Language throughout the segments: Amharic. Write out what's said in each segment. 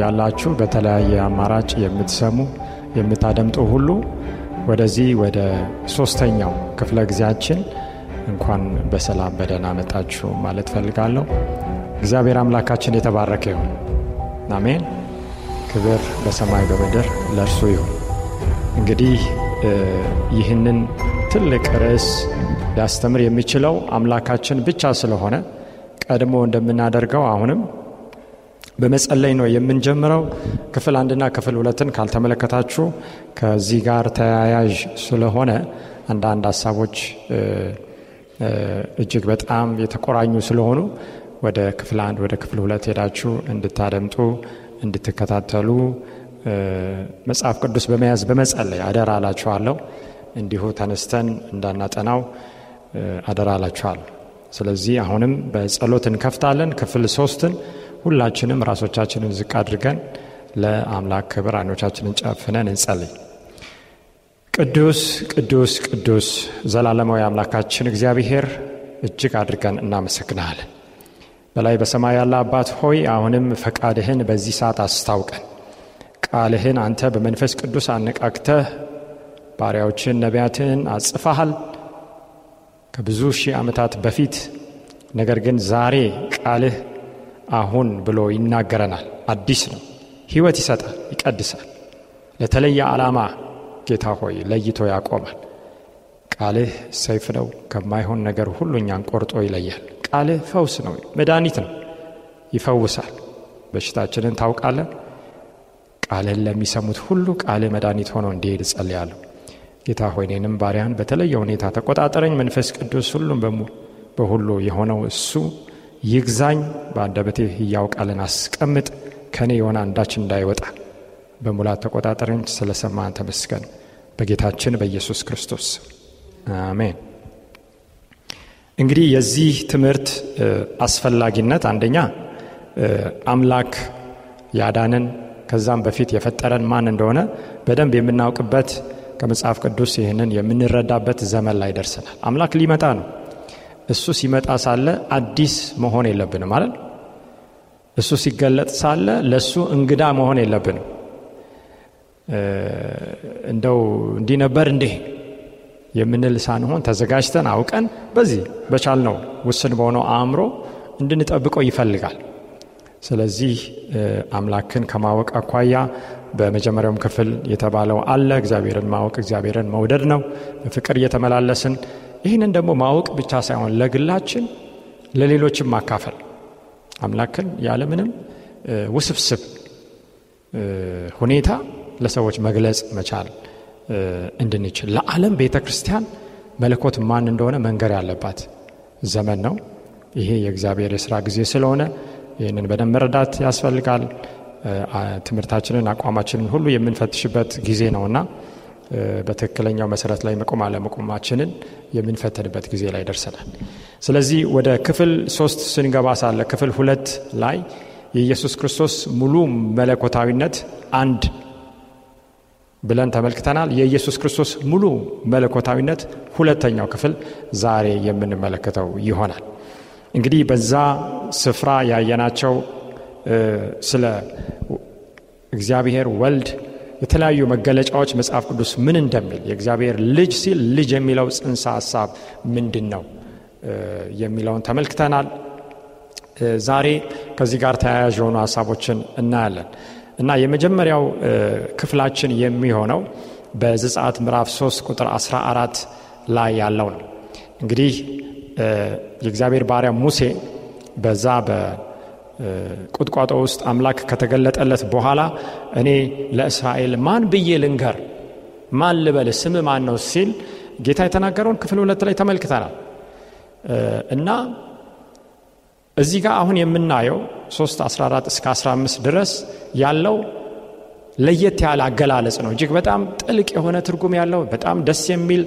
ያላችሁ በተለያየ አማራጭ የምትሰሙ የምታደምጡ ሁሉ ወደዚህ ወደ ሶስተኛው ክፍለ ጊዜያችን እንኳን በሰላም በደህና መጣችሁ ማለት ፈልጋለሁ። እግዚአብሔር አምላካችን የተባረከ ይሁን። አሜን። ክብር በሰማይ በምድር ለእርሱ ይሁን። እንግዲህ ይህንን ትልቅ ርዕስ ሊያስተምር የሚችለው አምላካችን ብቻ ስለሆነ ቀድሞ እንደምናደርገው አሁንም በመጸለይ ነው የምንጀምረው። ክፍል አንድና ክፍል ሁለትን ካልተመለከታችሁ ከዚህ ጋር ተያያዥ ስለሆነ አንዳንድ ሀሳቦች እጅግ በጣም የተቆራኙ ስለሆኑ ወደ ክፍል አንድ ወደ ክፍል ሁለት ሄዳችሁ እንድታደምጡ እንድትከታተሉ መጽሐፍ ቅዱስ በመያዝ በመጸለይ አደራ አላችኋለሁ። እንዲሁ ተነስተን እንዳናጠናው አደራ አላችኋል ስለዚህ አሁንም በጸሎት እንከፍታለን ክፍል ሶስትን ሁላችንም ራሶቻችንን ዝቅ አድርገን ለአምላክ ክብር አይኖቻችንን ጨፍነን እንጸልይ። ቅዱስ ቅዱስ ቅዱስ ዘላለማዊ አምላካችን እግዚአብሔር እጅግ አድርገን እናመሰግናለን። በላይ በሰማይ ያለ አባት ሆይ አሁንም ፈቃድህን በዚህ ሰዓት አስታውቀን ቃልህን አንተ በመንፈስ ቅዱስ አነቃክተህ ባሪያዎችን ነቢያትህን አጽፋሃል ከብዙ ሺህ ዓመታት በፊት ነገር ግን ዛሬ ቃልህ አሁን ብሎ ይናገረናል። አዲስ ነው። ሕይወት ይሰጣል፣ ይቀድሳል። ለተለየ ዓላማ ጌታ ሆይ ለይቶ ያቆማል። ቃልህ ሰይፍ ነው፣ ከማይሆን ነገር ሁሉ እኛን ቆርጦ ይለያል። ቃልህ ፈውስ ነው፣ መድኃኒት ነው፣ ይፈውሳል። በሽታችንን ታውቃለን። ቃልህን ለሚሰሙት ሁሉ ቃልህ መድኃኒት ሆኖ እንዲሄድ እጸልያለሁ። ጌታ ሆይ እኔንም ባሪያን በተለየ ሁኔታ ተቆጣጠረኝ። መንፈስ ቅዱስ ሁሉም በሁሉ የሆነው እሱ ይግዛኝ በአንደበቴ እያውቃልን ቃልን አስቀምጥ ከእኔ የሆነ አንዳች እንዳይወጣ በሙላት ተቆጣጠረኝ። ስለሰማን ተመስገን። በጌታችን በኢየሱስ ክርስቶስ አሜን። እንግዲህ የዚህ ትምህርት አስፈላጊነት አንደኛ አምላክ ያዳንን ከዛም በፊት የፈጠረን ማን እንደሆነ በደንብ የምናውቅበት ከመጽሐፍ ቅዱስ ይህንን የምንረዳበት ዘመን ላይ ደርሰናል። አምላክ ሊመጣ ነው። እሱ ሲመጣ ሳለ አዲስ መሆን የለብንም ማለት እሱ ሲገለጥ ሳለ ለእሱ እንግዳ መሆን የለብንም እንደው እንዲህ ነበር እንዴ የምንል ሳንሆን ተዘጋጅተን አውቀን በዚህ ነው ውስን በሆነው አእምሮ እንድንጠብቀው ይፈልጋል ስለዚህ አምላክን ከማወቅ አኳያ በመጀመሪያውም ክፍል የተባለው አለ እግዚአብሔርን ማወቅ እግዚአብሔርን መውደድ ነው ፍቅር እየተመላለስን ይህንን ደግሞ ማወቅ ብቻ ሳይሆን ለግላችን ለሌሎችም ማካፈል አምላክን ያለምንም ውስብስብ ሁኔታ ለሰዎች መግለጽ መቻል እንድንችል ለዓለም ቤተ ክርስቲያን መለኮት ማን እንደሆነ መንገር ያለባት ዘመን ነው። ይሄ የእግዚአብሔር የስራ ጊዜ ስለሆነ ይህንን በደንብ መረዳት ያስፈልጋል። ትምህርታችንን አቋማችንን ሁሉ የምንፈትሽበት ጊዜ ነውና በትክክለኛው መሰረት ላይ መቆም አለመቆማችንን የምንፈተንበት ጊዜ ላይ ደርሰናል። ስለዚህ ወደ ክፍል ሶስት ስንገባ ሳለ ክፍል ሁለት ላይ የኢየሱስ ክርስቶስ ሙሉ መለኮታዊነት አንድ ብለን ተመልክተናል። የኢየሱስ ክርስቶስ ሙሉ መለኮታዊነት ሁለተኛው ክፍል ዛሬ የምንመለከተው ይሆናል። እንግዲህ በዛ ስፍራ ያየናቸው ስለ እግዚአብሔር ወልድ የተለያዩ መገለጫዎች መጽሐፍ ቅዱስ ምን እንደሚል የእግዚአብሔር ልጅ ሲል ልጅ የሚለው ጽንሰ ሀሳብ ምንድን ነው የሚለውን ተመልክተናል። ዛሬ ከዚህ ጋር ተያያዥ የሆኑ ሀሳቦችን እናያለን እና የመጀመሪያው ክፍላችን የሚሆነው በዝጻት ምዕራፍ 3 ቁጥር 14 ላይ ያለው ነው። እንግዲህ የእግዚአብሔር ባሪያ ሙሴ በዛ ቁጥቋጦ ውስጥ አምላክ ከተገለጠለት በኋላ እኔ ለእስራኤል ማን ብዬ ልንገር ማን ልበል ስም ማን ነው ሲል ጌታ የተናገረውን ክፍል ሁለት ላይ ተመልክተናል እና እዚህ ጋር አሁን የምናየው 3 14 እስከ 15 ድረስ ያለው ለየት ያለ አገላለጽ ነው እጅግ በጣም ጥልቅ የሆነ ትርጉም ያለው በጣም ደስ የሚል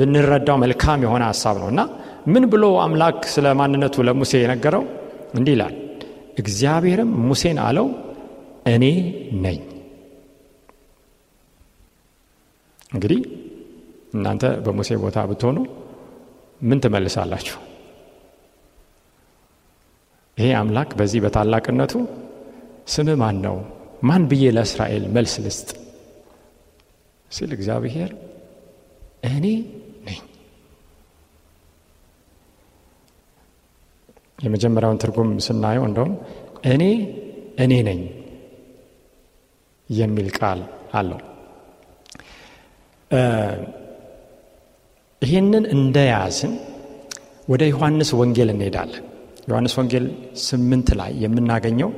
ብንረዳው መልካም የሆነ ሀሳብ ነው እና ምን ብሎ አምላክ ስለ ማንነቱ ለሙሴ የነገረው እንዲህ ይላል እግዚአብሔርም ሙሴን አለው እኔ ነኝ። እንግዲህ እናንተ በሙሴ ቦታ ብትሆኑ ምን ትመልሳላችሁ? ይሄ አምላክ በዚህ በታላቅነቱ ስም ማን ነው? ማን ብዬ ለእስራኤል መልስ ልስጥ ሲል እግዚአብሔር እኔ የመጀመሪያውን ትርጉም ስናየው እንደውም እኔ እኔ ነኝ የሚል ቃል አለው። ይህንን እንደያዝን ወደ ዮሐንስ ወንጌል እንሄዳለን። ዮሐንስ ወንጌል ስምንት ላይ የምናገኘው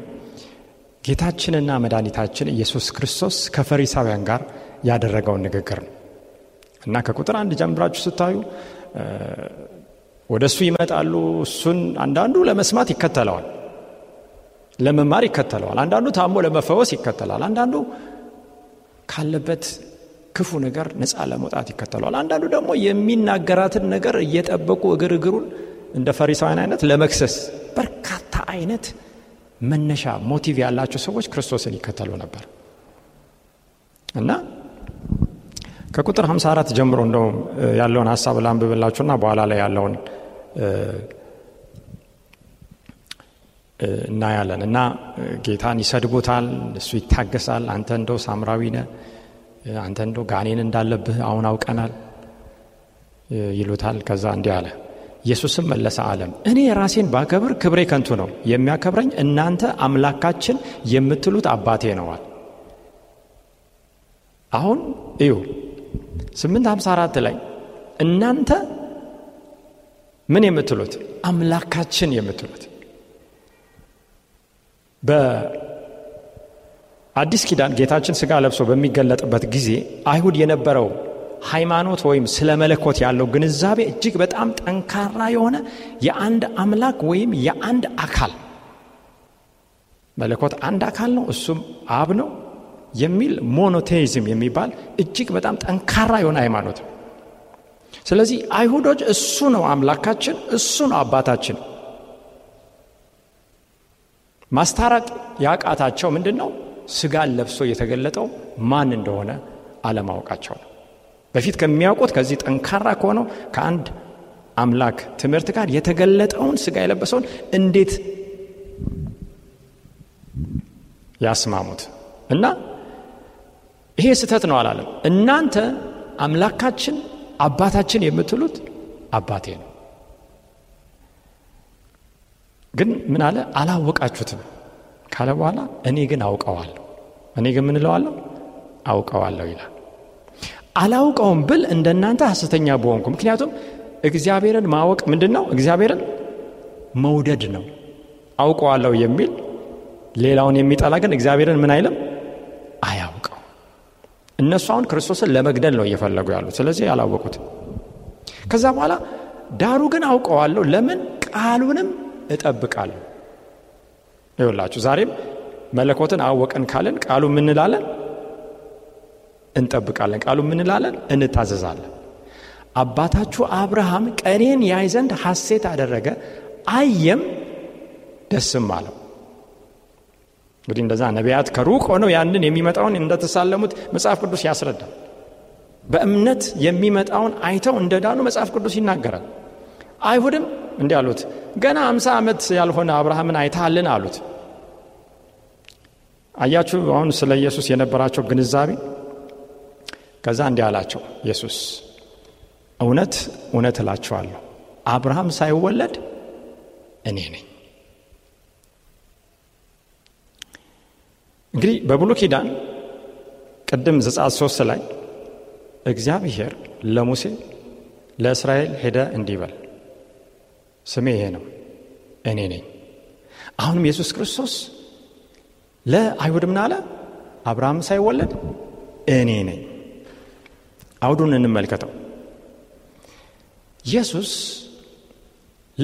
ጌታችንና መድኃኒታችን ኢየሱስ ክርስቶስ ከፈሪሳውያን ጋር ያደረገውን ንግግር ነው እና ከቁጥር አንድ ጀምራችሁ ስታዩ ወደ እሱ ይመጣሉ። እሱን አንዳንዱ ለመስማት ይከተለዋል፣ ለመማር ይከተለዋል። አንዳንዱ ታሞ ለመፈወስ ይከተላል። አንዳንዱ ካለበት ክፉ ነገር ነፃ ለመውጣት ይከተለዋል። አንዳንዱ ደግሞ የሚናገራትን ነገር እየጠበቁ እግር እግሩን እንደ ፈሪሳውያን አይነት ለመክሰስ በርካታ አይነት መነሻ ሞቲቭ ያላቸው ሰዎች ክርስቶስን ይከተሉ ነበር እና ከቁጥር 54 ጀምሮ እንደውም ያለውን ሀሳብ ላንብብላችሁና በኋላ ላይ ያለውን እናያለን እና ጌታን ይሰድቡታል፣ እሱ ይታገሳል። አንተ እንደው ሳምራዊ ነ አንተ እንደ ጋኔን እንዳለብህ አሁን አውቀናል ይሉታል። ከዛ እንዲህ አለ። ኢየሱስም መለሰ አለም እኔ ራሴን ባከብር ክብሬ ከንቱ ነው፣ የሚያከብረኝ እናንተ አምላካችን የምትሉት አባቴ ነዋል። አሁን እዩ 854 ላይ እናንተ ምን የምትሉት አምላካችን የምትሉት በአዲስ ኪዳን ጌታችን ስጋ ለብሶ በሚገለጥበት ጊዜ አይሁድ የነበረው ሃይማኖት ወይም ስለ መለኮት ያለው ግንዛቤ እጅግ በጣም ጠንካራ የሆነ የአንድ አምላክ ወይም የአንድ አካል መለኮት አንድ አካል ነው። እሱም አብ ነው። የሚል ሞኖቴይዝም የሚባል እጅግ በጣም ጠንካራ የሆነ ሃይማኖት ነው። ስለዚህ አይሁዶች እሱ ነው አምላካችን፣ እሱ ነው አባታችን። ማስታረቅ ያቃታቸው ምንድን ነው? ስጋን ለብሶ የተገለጠው ማን እንደሆነ አለማወቃቸው ነው። በፊት ከሚያውቁት ከዚህ ጠንካራ ከሆነው ከአንድ አምላክ ትምህርት ጋር የተገለጠውን ስጋ የለበሰውን እንዴት ያስማሙት እና ይሄ ስህተት ነው አላለም። እናንተ አምላካችን አባታችን የምትሉት አባቴ ነው፣ ግን ምን አለ አላወቃችሁትም ካለ በኋላ እኔ ግን አውቀዋለሁ፣ እኔ ግን ምንለዋለሁ አውቀዋለሁ ይላል። አላውቀውም ብል እንደእናንተ ሐሰተኛ በሆንኩ። ምክንያቱም እግዚአብሔርን ማወቅ ምንድን ነው? እግዚአብሔርን መውደድ ነው። አውቀዋለሁ የሚል ሌላውን የሚጠላ ግን እግዚአብሔርን ምን አይልም እነሱ አሁን ክርስቶስን ለመግደል ነው እየፈለጉ ያሉት። ስለዚህ ያላወቁት ከዛ በኋላ ዳሩ ግን አውቀዋለሁ፣ ለምን ቃሉንም እጠብቃለሁ። ይውላችሁ ዛሬም መለኮትን አወቀን ካለን ቃሉ ምንላለን? እንጠብቃለን። ቃሉ ምንላለን? እንታዘዛለን። አባታችሁ አብርሃም ቀኔን ያይ ዘንድ ሐሴት አደረገ፣ አየም ደስም አለው። እንግዲህ እንደዛ ነቢያት ከሩቅ ሆነው ያንን የሚመጣውን እንደተሳለሙት መጽሐፍ ቅዱስ ያስረዳል። በእምነት የሚመጣውን አይተው እንደዳኑ መጽሐፍ ቅዱስ ይናገራል። አይሁድም እንዲ አሉት፣ ገና አምሳ ዓመት ያልሆነ አብርሃምን አይታልን አሉት። አያችሁ አሁን ስለ ኢየሱስ የነበራቸው ግንዛቤ። ከዛ እንዲህ አላቸው ኢየሱስ እውነት እውነት እላችኋለሁ አብርሃም ሳይወለድ እኔ ነኝ። እንግዲህ በብሉ ኪዳን ቅድም ዘጻት ሶስት ላይ እግዚአብሔር ለሙሴ ለእስራኤል ሄደ እንዲበል ስሜ ይሄ ነው እኔ ነኝ። አሁንም ኢየሱስ ክርስቶስ ለአይሁድ ምን አለ? አብርሃም ሳይወለድ እኔ ነኝ። አውዱን እንመልከተው። ኢየሱስ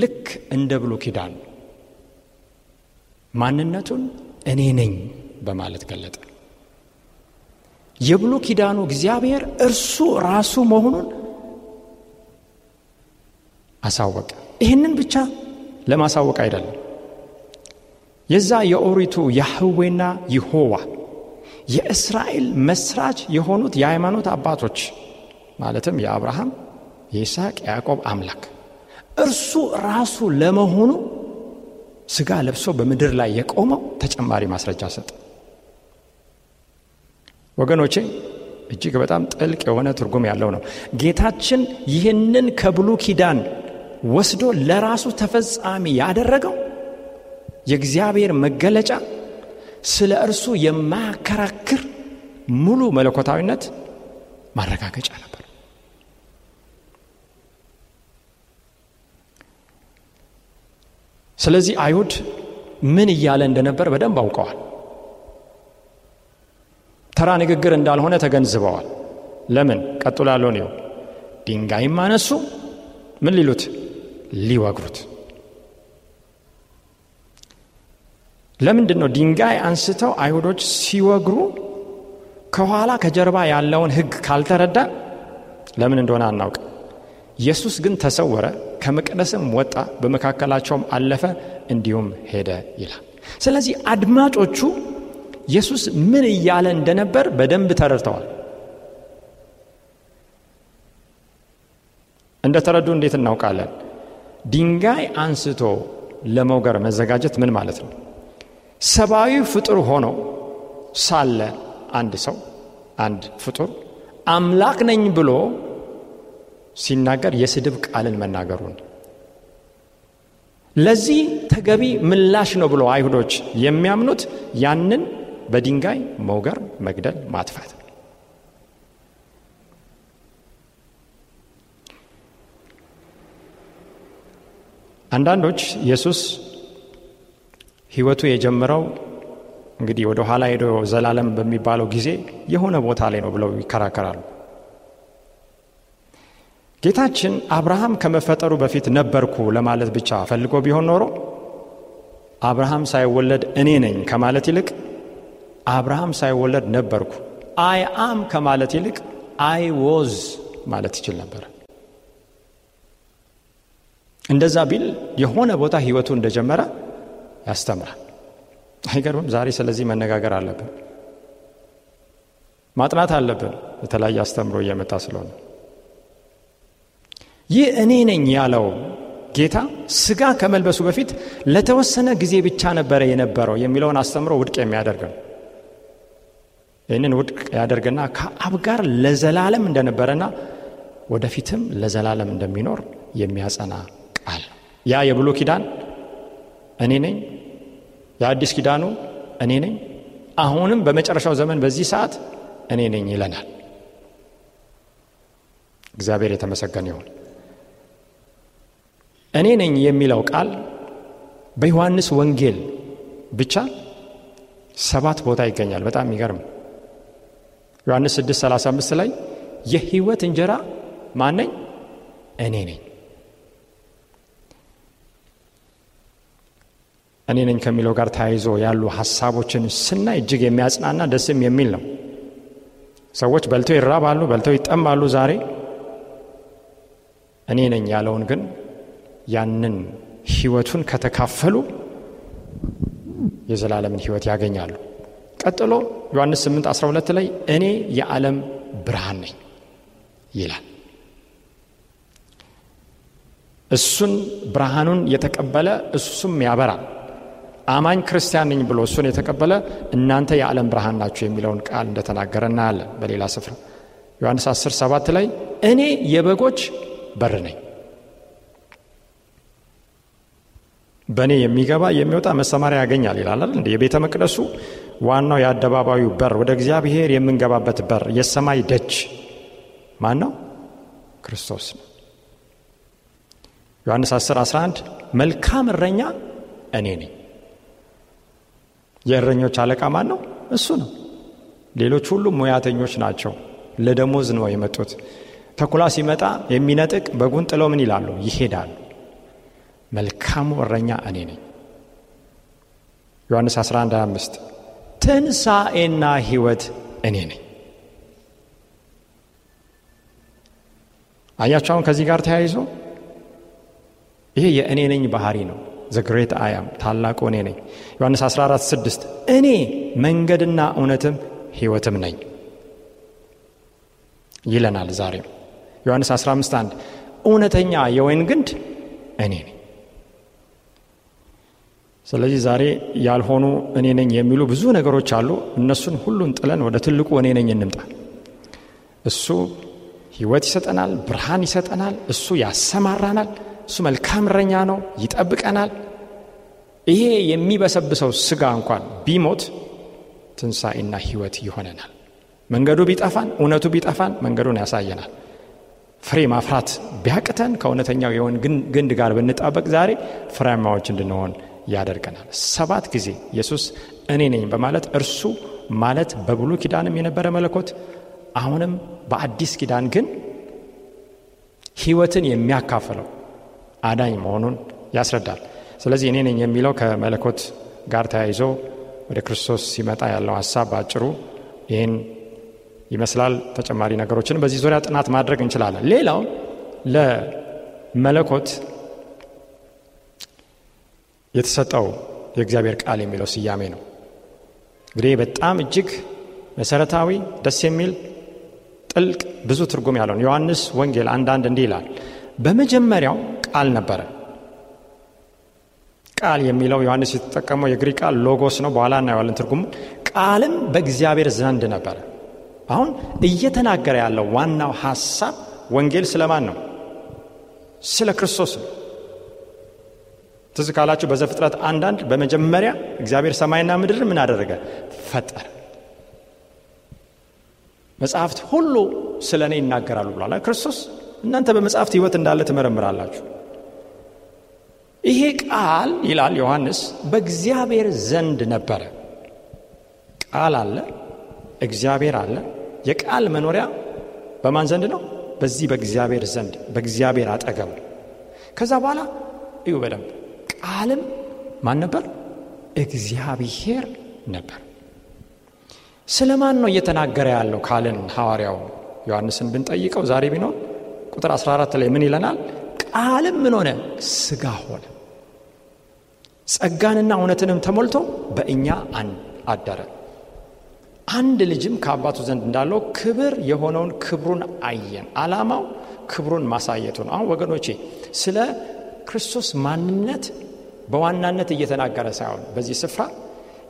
ልክ እንደ ብሉ ኪዳን ማንነቱን እኔ ነኝ በማለት ገለጠ። የብሉ ኪዳኑ እግዚአብሔር እርሱ ራሱ መሆኑን አሳወቀ። ይህንን ብቻ ለማሳወቅ አይደለም። የዛ የኦሪቱ ያህዌና ይሆዋ የእስራኤል መስራች የሆኑት የሃይማኖት አባቶች ማለትም የአብርሃም፣ የይስሐቅ፣ የያዕቆብ አምላክ እርሱ ራሱ ለመሆኑ ስጋ ለብሶ በምድር ላይ የቆመው ተጨማሪ ማስረጃ ሰጠ። ወገኖቼ እጅግ በጣም ጥልቅ የሆነ ትርጉም ያለው ነው። ጌታችን ይህንን ከብሉ ኪዳን ወስዶ ለራሱ ተፈጻሚ ያደረገው የእግዚአብሔር መገለጫ ስለ እርሱ የማያከራክር ሙሉ መለኮታዊነት ማረጋገጫ ነበር። ስለዚህ አይሁድ ምን እያለ እንደነበር በደንብ አውቀዋል። ተራ ንግግር እንዳልሆነ ተገንዝበዋል። ለምን ቀጥሎ ያለውን ድንጋይም አነሱ ምን ሊሉት ሊወግሩት። ለምንድን ነው ድንጋይ አንስተው አይሁዶች ሲወግሩ ከኋላ ከጀርባ ያለውን ህግ ካልተረዳ ለምን እንደሆነ አናውቅ። ኢየሱስ ግን ተሰወረ፣ ከመቅደስም ወጣ፣ በመካከላቸውም አለፈ፣ እንዲሁም ሄደ ይላል። ስለዚህ አድማጮቹ ኢየሱስ ምን እያለ እንደነበር በደንብ ተረድተዋል። እንደ ተረዱ እንዴት እናውቃለን? ድንጋይ አንስቶ ለመውገር መዘጋጀት ምን ማለት ነው? ሰብአዊ ፍጡር ሆኖ ሳለ አንድ ሰው አንድ ፍጡር አምላክ ነኝ ብሎ ሲናገር የስድብ ቃልን መናገሩን ለዚህ ተገቢ ምላሽ ነው ብሎ አይሁዶች የሚያምኑት ያንን በድንጋይ መውገር፣ መግደል፣ ማጥፋት አንዳንዶች ኢየሱስ ህይወቱ የጀመረው እንግዲህ ወደ ኋላ ሄዶ ዘላለም በሚባለው ጊዜ የሆነ ቦታ ላይ ነው ብለው ይከራከራሉ። ጌታችን አብርሃም ከመፈጠሩ በፊት ነበርኩ ለማለት ብቻ ፈልጎ ቢሆን ኖሮ አብርሃም ሳይወለድ እኔ ነኝ ከማለት ይልቅ አብርሃም ሳይወለድ ነበርኩ አይ አም ከማለት ይልቅ አይ ዎዝ ማለት ይችል ነበር። እንደዛ ቢል የሆነ ቦታ ህይወቱ እንደጀመረ ያስተምራል። አይገርምም? ዛሬ ስለዚህ መነጋገር አለብን፣ ማጥናት አለብን። የተለያየ አስተምሮ እየመጣ ስለሆነ ይህ እኔ ነኝ ያለው ጌታ ስጋ ከመልበሱ በፊት ለተወሰነ ጊዜ ብቻ ነበረ የነበረው የሚለውን አስተምሮ ውድቅ የሚያደርግ ነው። ይህንን ውድቅ ያደርግና ከአብ ጋር ለዘላለም እንደነበረና ወደፊትም ለዘላለም እንደሚኖር የሚያጸና ቃል ያ የብሎ ኪዳን እኔ ነኝ፣ የአዲስ ኪዳኑ እኔ ነኝ፣ አሁንም በመጨረሻው ዘመን በዚህ ሰዓት እኔ ነኝ ይለናል። እግዚአብሔር የተመሰገነ ይሆን እኔ ነኝ የሚለው ቃል በዮሐንስ ወንጌል ብቻ ሰባት ቦታ ይገኛል። በጣም ይገርም ዮሐንስ 6 35 ላይ የህይወት እንጀራ ማነኝ? እኔ ነኝ። እኔ ነኝ ከሚለው ጋር ተያይዞ ያሉ ሀሳቦችን ስናይ እጅግ የሚያጽናና ደስም የሚል ነው። ሰዎች በልተው ይራባሉ፣ በልተው ይጠማሉ። ዛሬ እኔ ነኝ ያለውን ግን ያንን ህይወቱን ከተካፈሉ የዘላለምን ህይወት ያገኛሉ። ቀጥሎ ዮሐንስ 8 12 ላይ እኔ የዓለም ብርሃን ነኝ ይላል። እሱን ብርሃኑን የተቀበለ እሱም ያበራል። አማኝ ክርስቲያን ነኝ ብሎ እሱን የተቀበለ እናንተ የዓለም ብርሃን ናችሁ የሚለውን ቃል እንደተናገረ እናያለን። በሌላ ስፍራ ዮሐንስ 10 7 ላይ እኔ የበጎች በር ነኝ በእኔ የሚገባ የሚወጣ መሰማሪያ ያገኛል ይላል። እንደ የቤተ መቅደሱ ዋናው የአደባባዩ በር ወደ እግዚአብሔር የምንገባበት በር የሰማይ ደጅ ማን ነው? ክርስቶስ ነው። ዮሐንስ 10 11 መልካም እረኛ እኔ ነኝ። የእረኞች አለቃ ማን ነው? እሱ ነው። ሌሎች ሁሉ ሙያተኞች ናቸው፣ ለደሞዝ ነው የመጡት። ተኩላ ሲመጣ የሚነጥቅ በጉን ጥለው ምን ይላሉ? ይሄዳሉ። መልካሙ እረኛ እኔ ነኝ። ዮሐንስ 11 25 ትንሣኤና ሕይወት እኔ ነኝ። አያቸውን ከዚህ ጋር ተያይዞ ይሄ የእኔ ነኝ ባህሪ ነው። ዘግሬት አያም ታላቁ እኔ ነኝ። ዮሐንስ 14 6 እኔ መንገድና እውነትም ሕይወትም ነኝ ይለናል። ዛሬም ዮሐንስ 15 1 እውነተኛ የወይን ግንድ እኔ ነኝ። ስለዚህ ዛሬ ያልሆኑ እኔ ነኝ የሚሉ ብዙ ነገሮች አሉ። እነሱን ሁሉን ጥለን ወደ ትልቁ እኔ ነኝ እንምጣ። እሱ ህይወት ይሰጠናል፣ ብርሃን ይሰጠናል፣ እሱ ያሰማራናል፣ እሱ መልካም እረኛ ነው፣ ይጠብቀናል። ይሄ የሚበሰብሰው ስጋ እንኳን ቢሞት ትንሣኤና ህይወት ይሆነናል። መንገዱ ቢጠፋን፣ እውነቱ ቢጠፋን መንገዱን ያሳየናል። ፍሬ ማፍራት ቢያቅተን ከእውነተኛው የሆን ግንድ ጋር ብንጣበቅ ዛሬ ፍሬያማዎች እንድንሆን ያደርገናል። ሰባት ጊዜ ኢየሱስ እኔ ነኝ በማለት እርሱ ማለት በብሉይ ኪዳንም የነበረ መለኮት አሁንም በአዲስ ኪዳን ግን ሕይወትን የሚያካፍለው አዳኝ መሆኑን ያስረዳል። ስለዚህ እኔ ነኝ የሚለው ከመለኮት ጋር ተያይዞ ወደ ክርስቶስ ሲመጣ ያለው ሀሳብ በአጭሩ ይህን ይመስላል። ተጨማሪ ነገሮችን በዚህ ዙሪያ ጥናት ማድረግ እንችላለን። ሌላው ለመለኮት የተሰጠው የእግዚአብሔር ቃል የሚለው ስያሜ ነው። እንግዲህ በጣም እጅግ መሰረታዊ ደስ የሚል ጥልቅ ብዙ ትርጉም ያለው ዮሐንስ ወንጌል አንዳንድ እንዲህ ይላል፣ በመጀመሪያው ቃል ነበረ። ቃል የሚለው ዮሐንስ የተጠቀመው የግሪክ ቃል ሎጎስ ነው። በኋላ እናየዋለን ትርጉሙ። ቃልም በእግዚአብሔር ዘንድ ነበረ። አሁን እየተናገረ ያለው ዋናው ሀሳብ ወንጌል ስለማን ነው? ስለ ክርስቶስ ነው። ትዝ ካላችሁ በዘፍጥረት አንዳንድ በመጀመሪያ እግዚአብሔር ሰማይና ምድር ምን አደረገ? ፈጠረ። መጽሐፍት ሁሉ ስለ እኔ ይናገራሉ ብሏል ክርስቶስ። እናንተ በመጽሐፍት ህይወት እንዳለ ትመረምራላችሁ። ይሄ ቃል ይላል ዮሐንስ በእግዚአብሔር ዘንድ ነበረ። ቃል አለ፣ እግዚአብሔር አለ። የቃል መኖሪያ በማን ዘንድ ነው? በዚህ በእግዚአብሔር ዘንድ፣ በእግዚአብሔር አጠገብ። ከዛ በኋላ እዩ በደንብ ቃልም ማን ነበር? እግዚአብሔር ነበር። ስለ ማን ነው እየተናገረ ያለው ካልን ሐዋርያው ዮሐንስን ብንጠይቀው ዛሬ ቢኖር ቁጥር 14 ላይ ምን ይለናል? ቃልም ምን ሆነ? ስጋ ሆነ፣ ጸጋንና እውነትንም ተሞልቶ በእኛ አደረ። አንድ ልጅም ከአባቱ ዘንድ እንዳለው ክብር የሆነውን ክብሩን አየን። አላማው ክብሩን ማሳየቱ ነው። አሁን ወገኖቼ ስለ ክርስቶስ ማንነት በዋናነት እየተናገረ ሳይሆን በዚህ ስፍራ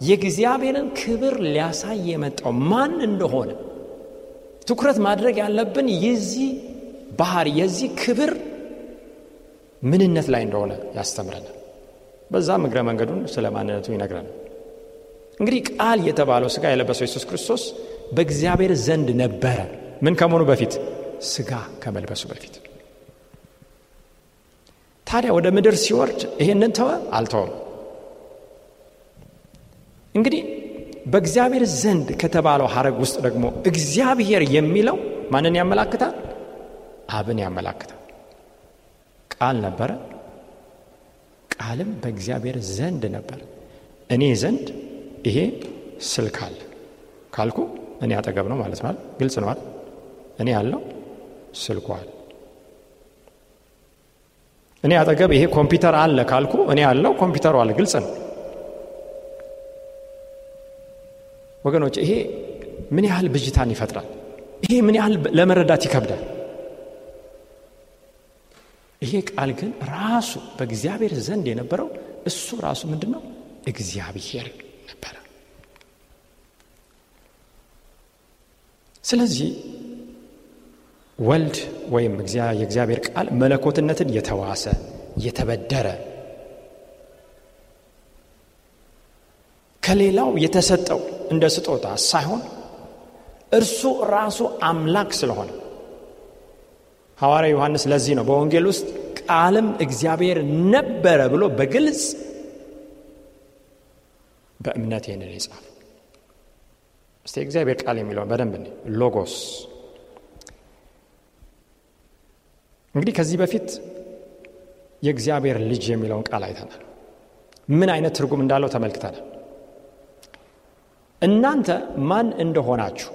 የእግዚአብሔርን ክብር ሊያሳይ የመጣው ማን እንደሆነ ትኩረት ማድረግ ያለብን የዚህ ባህር የዚህ ክብር ምንነት ላይ እንደሆነ ያስተምረናል። በዛ እግረ መንገዱን ስለ ማንነቱ ይነግረናል። እንግዲህ ቃል የተባለው ስጋ የለበሰው ኢየሱስ ክርስቶስ በእግዚአብሔር ዘንድ ነበረ። ምን ከመሆኑ በፊት ስጋ ከመልበሱ በፊት ታዲያ ወደ ምድር ሲወርድ ይሄንን ተወ አልተወም እንግዲህ በእግዚአብሔር ዘንድ ከተባለው ሀረግ ውስጥ ደግሞ እግዚአብሔር የሚለው ማንን ያመላክታል አብን ያመላክታል ቃል ነበረ ቃልም በእግዚአብሔር ዘንድ ነበር እኔ ዘንድ ይሄ ስልክ ካልኩ እኔ አጠገብ ነው ማለት ነው ግልጽ ነዋል እኔ ያለው ስልኳል እኔ አጠገብ ይሄ ኮምፒውተር አለ ካልኩ እኔ አለው ኮምፒውተሩ አለ። ግልጽ ነው ወገኖች። ይሄ ምን ያህል ብጅታን ይፈጥራል። ይሄ ምን ያህል ለመረዳት ይከብዳል። ይሄ ቃል ግን ራሱ በእግዚአብሔር ዘንድ የነበረው እሱ ራሱ ምንድን ነው? እግዚአብሔር ነበረ። ስለዚህ ወልድ ወይም የእግዚአብሔር ቃል መለኮትነትን የተዋሰ የተበደረ ከሌላው የተሰጠው እንደ ስጦታ ሳይሆን እርሱ ራሱ አምላክ ስለሆነ ሐዋርያ ዮሐንስ ለዚህ ነው በወንጌል ውስጥ ቃልም እግዚአብሔር ነበረ ብሎ በግልጽ በእምነት ይህንን ይጻፍ እስቲ እግዚአብሔር ቃል የሚለውን በደንብ ሎጎስ እንግዲህ ከዚህ በፊት የእግዚአብሔር ልጅ የሚለውን ቃል አይተናል። ምን አይነት ትርጉም እንዳለው ተመልክተናል። እናንተ ማን እንደሆናችሁ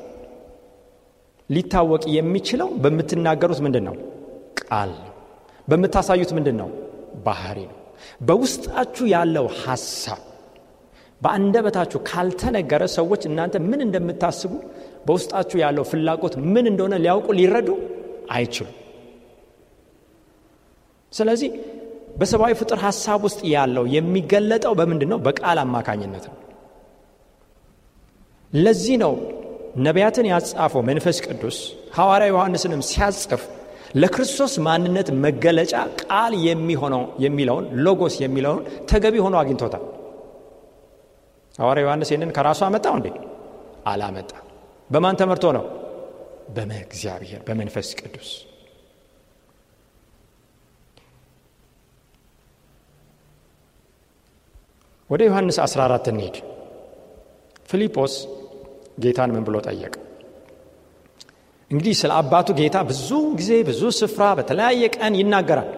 ሊታወቅ የሚችለው በምትናገሩት ምንድን ነው? ቃል ነው። በምታሳዩት ምንድን ነው? ባህሪ ነው። በውስጣችሁ ያለው ሐሳብ በአንደበታችሁ ካልተነገረ ሰዎች እናንተ ምን እንደምታስቡ በውስጣችሁ ያለው ፍላጎት ምን እንደሆነ ሊያውቁ ሊረዱ አይችሉም። ስለዚህ በሰብአዊ ፍጥር ሀሳብ ውስጥ ያለው የሚገለጠው በምንድን ነው? በቃል አማካኝነት ነው። ለዚህ ነው ነቢያትን ያጻፈው መንፈስ ቅዱስ ሐዋርያ ዮሐንስንም ሲያጽፍ ለክርስቶስ ማንነት መገለጫ ቃል የሚሆነው የሚለውን ሎጎስ የሚለውን ተገቢ ሆኖ አግኝቶታል። ሐዋርያ ዮሐንስ ይህንን ከራሱ አመጣው እንዴ? አላመጣ። በማን ተመርቶ ነው? በመእግዚአብሔር በመንፈስ ቅዱስ ወደ ዮሐንስ 14 እንሂድ። ፊልጶስ ጌታን ምን ብሎ ጠየቀ? እንግዲህ ስለ አባቱ ጌታ ብዙ ጊዜ ብዙ ስፍራ በተለያየ ቀን ይናገራል።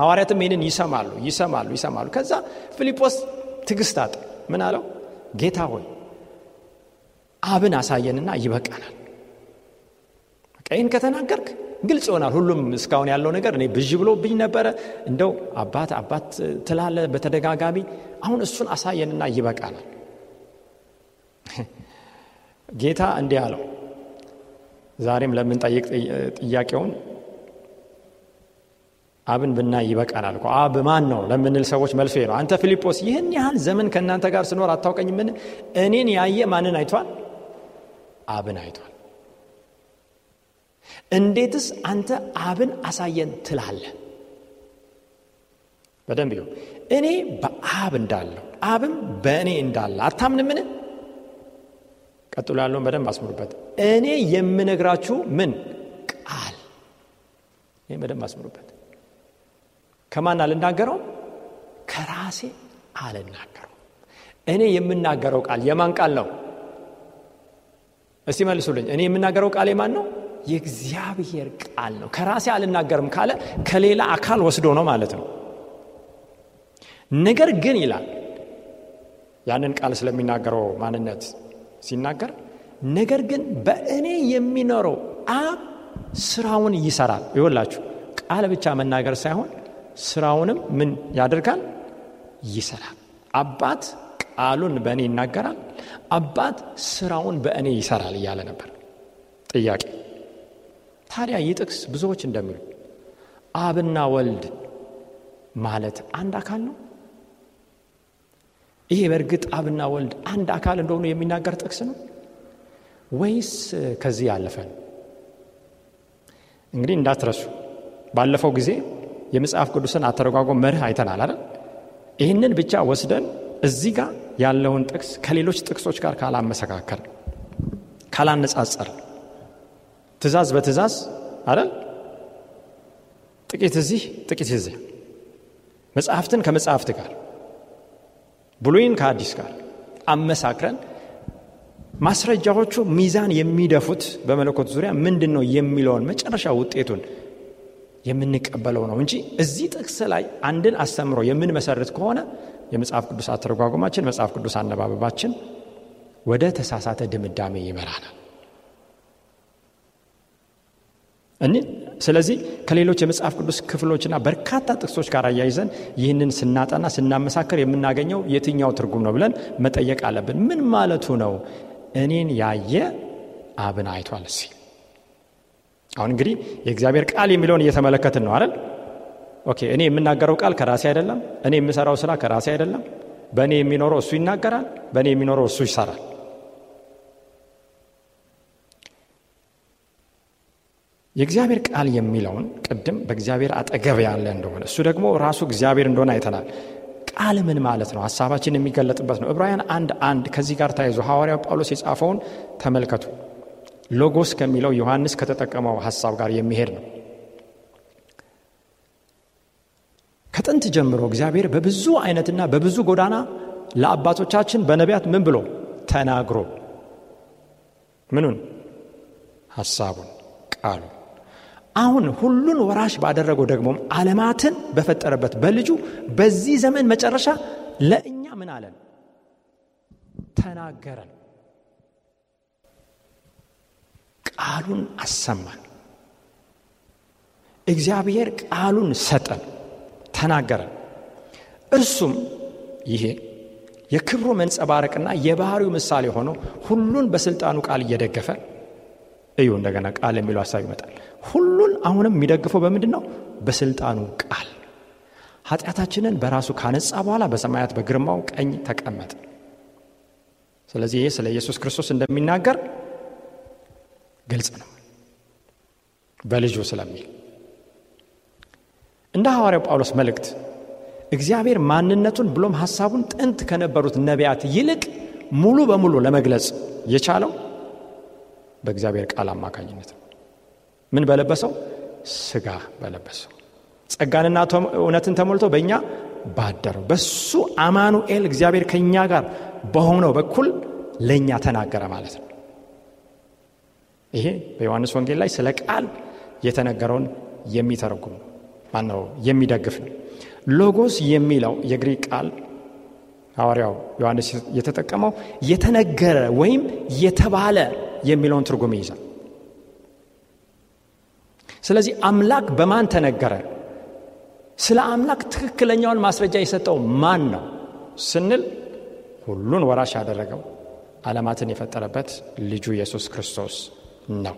ሐዋርያትም ይህንን ይሰማሉ ይሰማሉ ይሰማሉ። ከዛ ፊልጶስ ትዕግስት አጥ ምን አለው? ጌታ ሆይ አብን አሳየንና ይበቃናል። ይህን ከተናገርክ ግልጽ ይሆናል። ሁሉም እስካሁን ያለው ነገር እኔ ብዥ ብሎብኝ ነበረ። እንደው አባት አባት ትላለ በተደጋጋሚ አሁን እሱን አሳየንና ይበቃል ጌታ እንዲህ አለው። ዛሬም ለምንጠይቅ ጥያቄውን አብን ብናይ ይበቃል አልኩ አብ ማን ነው ለምንል ሰዎች መልሶ ነው። አንተ ፊልጶስ ይህን ያህል ዘመን ከእናንተ ጋር ስኖር ምን እኔን ያየ ማንን አይቷል? አብን አይቷል። እንዴትስ አንተ አብን አሳየን ትላለ? በደንብ ይሁ እኔ በአብ እንዳለሁ አብም በእኔ እንዳለ አታምን ምን ቀጥሎ ያለውን በደንብ አስምሩበት። እኔ የምነግራችሁ ምን ቃል ይህም በደንብ አስምሩበት። ከማን አልናገረው? ከራሴ አልናገረው። እኔ የምናገረው ቃል የማን ቃል ነው? እስቲ መልሱልኝ። እኔ የምናገረው ቃል የማን ነው? የእግዚአብሔር ቃል ነው ከራሴ አልናገርም ካለ ከሌላ አካል ወስዶ ነው ማለት ነው ነገር ግን ይላል ያንን ቃል ስለሚናገረው ማንነት ሲናገር ነገር ግን በእኔ የሚኖረው አብ ስራውን ይሰራል ይወላችሁ ቃል ብቻ መናገር ሳይሆን ስራውንም ምን ያደርጋል ይሰራል አባት ቃሉን በእኔ ይናገራል አባት ስራውን በእኔ ይሰራል እያለ ነበር ጥያቄ ታዲያ ይህ ጥቅስ ብዙዎች እንደሚሉ አብና ወልድ ማለት አንድ አካል ነው ይሄ በእርግጥ አብና ወልድ አንድ አካል እንደሆኑ የሚናገር ጥቅስ ነው ወይስ ከዚህ ያለፈ ነው እንግዲህ እንዳትረሱ ባለፈው ጊዜ የመጽሐፍ ቅዱስን አተረጓጎ መርህ አይተናል አይደል ይህንን ብቻ ወስደን እዚህ ጋር ያለውን ጥቅስ ከሌሎች ጥቅሶች ጋር ካላመሰካከር ካላነጻጸር ትእዛዝ በትእዛዝ አይደል ጥቂት እዚህ ጥቂት እዚህ መጽሐፍትን ከመጽሐፍት ጋር ብሉይን ከአዲስ ጋር አመሳክረን ማስረጃዎቹ ሚዛን የሚደፉት በመለኮት ዙሪያ ምንድን ነው የሚለውን መጨረሻ ውጤቱን የምንቀበለው ነው እንጂ እዚህ ጥቅስ ላይ አንድን አስተምሮ የምንመሰርት ከሆነ የመጽሐፍ ቅዱስ አተረጓጉማችን መጽሐፍ ቅዱስ አነባበባችን ወደ ተሳሳተ ድምዳሜ ይመራናል። እኔ ስለዚህ ከሌሎች የመጽሐፍ ቅዱስ ክፍሎችና በርካታ ጥቅሶች ጋር አያይዘን ይህንን ስናጠና ስናመሳከር የምናገኘው የትኛው ትርጉም ነው ብለን መጠየቅ አለብን። ምን ማለቱ ነው? እኔን ያየ አብን አይቷል ሲል አሁን እንግዲህ የእግዚአብሔር ቃል የሚለውን እየተመለከትን ነው አይደል? ኦኬ እኔ የምናገረው ቃል ከራሴ አይደለም። እኔ የምሰራው ስራ ከራሴ አይደለም። በእኔ የሚኖረው እሱ ይናገራል፣ በእኔ የሚኖረው እሱ ይሰራል። የእግዚአብሔር ቃል የሚለውን ቅድም በእግዚአብሔር አጠገብ ያለ እንደሆነ እሱ ደግሞ ራሱ እግዚአብሔር እንደሆነ አይተናል። ቃል ምን ማለት ነው? ሀሳባችን የሚገለጥበት ነው። ዕብራውያን አንድ አንድ ከዚህ ጋር ተያይዞ ሐዋርያው ጳውሎስ የጻፈውን ተመልከቱ። ሎጎስ ከሚለው ዮሐንስ ከተጠቀመው ሀሳብ ጋር የሚሄድ ነው። ከጥንት ጀምሮ እግዚአብሔር በብዙ አይነትና በብዙ ጎዳና ለአባቶቻችን በነቢያት ምን ብሎ ተናግሮ ምኑን ሀሳቡን ቃሉን አሁን ሁሉን ወራሽ ባደረገው ደግሞ አለማትን በፈጠረበት በልጁ በዚህ ዘመን መጨረሻ ለእኛ ምን አለን? ተናገረን፣ ቃሉን አሰማን። እግዚአብሔር ቃሉን ሰጠን፣ ተናገረን። እርሱም ይሄ የክብሩ መንጸባረቅና የባህሪው ምሳሌ ሆኖ ሁሉን በስልጣኑ ቃል እየደገፈ እዩ። እንደገና ቃል የሚለው ሀሳብ ይመጣል። ሁሉን አሁንም የሚደግፈው በምንድን ነው? በስልጣኑ ቃል ኃጢአታችንን በራሱ ካነጻ በኋላ በሰማያት በግርማው ቀኝ ተቀመጠ። ስለዚህ ይህ ስለ ኢየሱስ ክርስቶስ እንደሚናገር ግልጽ ነው። በልጁ ስለሚል እንደ ሐዋርያው ጳውሎስ መልእክት እግዚአብሔር ማንነቱን ብሎም ሐሳቡን ጥንት ከነበሩት ነቢያት ይልቅ ሙሉ በሙሉ ለመግለጽ የቻለው በእግዚአብሔር ቃል አማካኝነት ነው። ምን በለበሰው ስጋ በለበሰው ጸጋንና እውነትን ተሞልቶ በእኛ ባደረው በሱ አማኑኤል እግዚአብሔር ከእኛ ጋር በሆነው በኩል ለእኛ ተናገረ ማለት ነው ይሄ በዮሐንስ ወንጌል ላይ ስለ ቃል የተነገረውን የሚተረጉም ነው ማነው የሚደግፍ ነው ሎጎስ የሚለው የግሪክ ቃል ሐዋርያው ዮሐንስ የተጠቀመው የተነገረ ወይም የተባለ የሚለውን ትርጉም ይይዛል ስለዚህ አምላክ በማን ተነገረ? ስለ አምላክ ትክክለኛውን ማስረጃ የሰጠው ማን ነው ስንል ሁሉን ወራሽ ያደረገው ዓለማትን የፈጠረበት ልጁ ኢየሱስ ክርስቶስ ነው።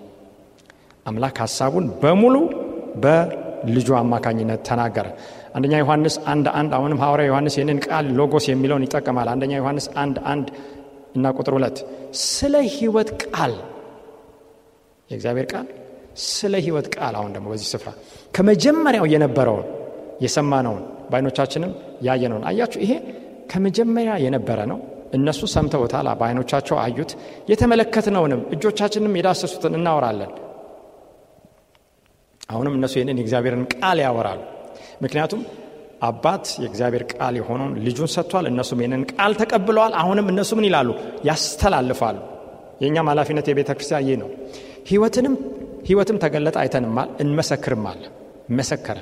አምላክ ሐሳቡን በሙሉ በልጁ አማካኝነት ተናገረ። አንደኛ ዮሐንስ አንድ አንድ አሁንም ሐዋርያ ዮሐንስ ይህንን ቃል ሎጎስ የሚለውን ይጠቀማል። አንደኛ ዮሐንስ አንድ አንድ እና ቁጥር ሁለት ስለ ሕይወት ቃል የእግዚአብሔር ቃል ስለ ህይወት ቃል አሁን ደግሞ በዚህ ስፍራ ከመጀመሪያው የነበረውን የሰማነውን በአይኖቻችንም ያየነውን አያችሁ ይሄ ከመጀመሪያ የነበረ ነው እነሱ ሰምተውታል በአይኖቻቸው አዩት የተመለከትነውንም እጆቻችንም የዳሰሱትን እናወራለን አሁንም እነሱ ይህንን የእግዚአብሔርን ቃል ያወራሉ ምክንያቱም አባት የእግዚአብሔር ቃል የሆነውን ልጁን ሰጥቷል እነሱም ይህንን ቃል ተቀብለዋል አሁንም እነሱ ምን ይላሉ ያስተላልፋሉ የእኛም ኃላፊነት የቤተ ክርስቲያን ይህ ነው ህይወትንም ህይወትም ተገለጠ አይተንማል፣ እንመሰክርማል። መሰከረ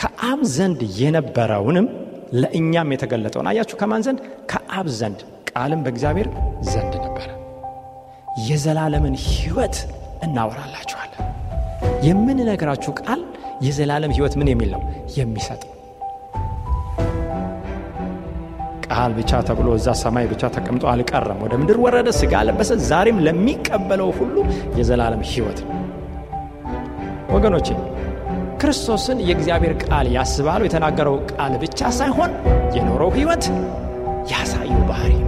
ከአብ ዘንድ የነበረውንም ለእኛም የተገለጠውን አያችሁ። ከማን ዘንድ? ከአብ ዘንድ። ቃልም በእግዚአብሔር ዘንድ ነበረ። የዘላለምን ህይወት እናወራላችኋል የምንነግራችሁ ቃል የዘላለም ህይወት ምን የሚል ነው? የሚሰጥ ቃል ብቻ ተብሎ እዛ ሰማይ ብቻ ተቀምጦ አልቀረም። ወደ ምድር ወረደ፣ ስጋ ለበሰ። ዛሬም ለሚቀበለው ሁሉ የዘላለም ህይወት ነው። ወገኖቼ ክርስቶስን የእግዚአብሔር ቃል ያስባሉ የተናገረው ቃል ብቻ ሳይሆን የኖረው ህይወት ያሳዩ ባህሪ